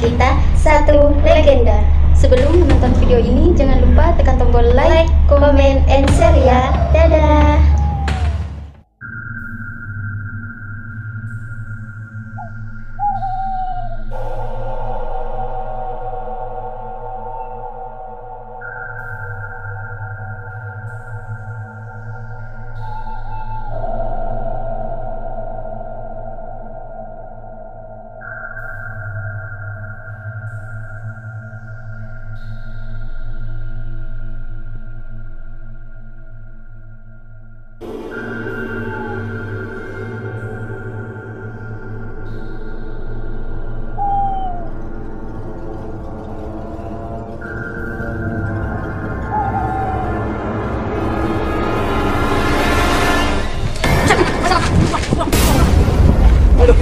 kita satu legenda. Sebelum menonton video ini, jangan lupa tekan tombol like, comment, and share ya. Dadah!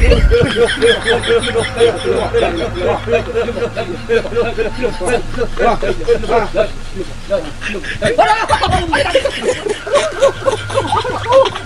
Oh, my God.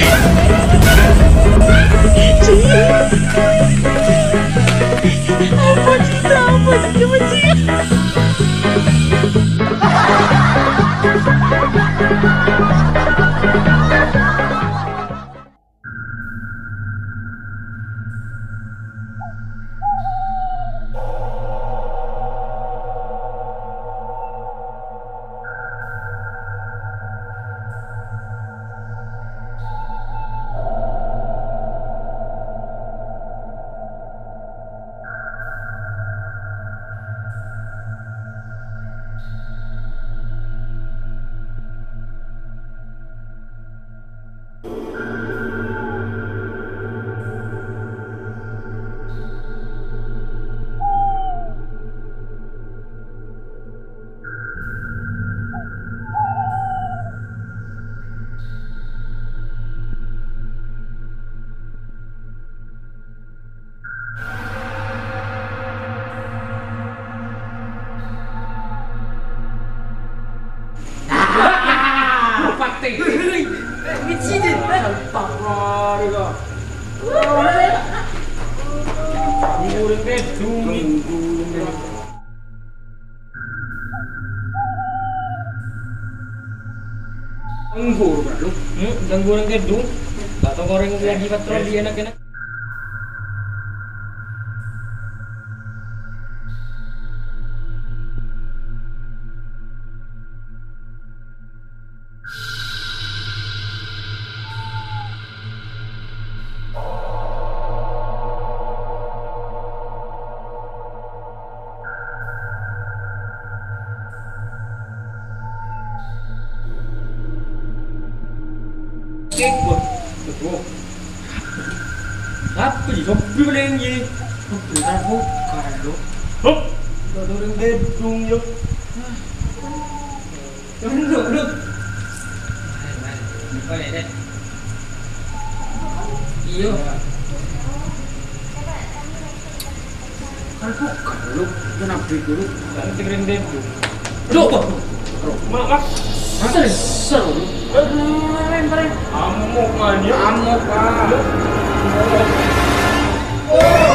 Yeah. Iya. Anggur, bro. Hmm, anggur ang gedung. Batong goreng lagi patron di anak-anak. chén quần được không đáp cái gì không biết lên gì không từ ta hút cài luôn hút rồi tôi đang đêm trung nhất tôi không được được coi này đây yêu kan kok kalau lu nak beli dulu kan dengerin dia dulu lu apa mak mak masa seru Amok mau ya? Amok kan. Oh,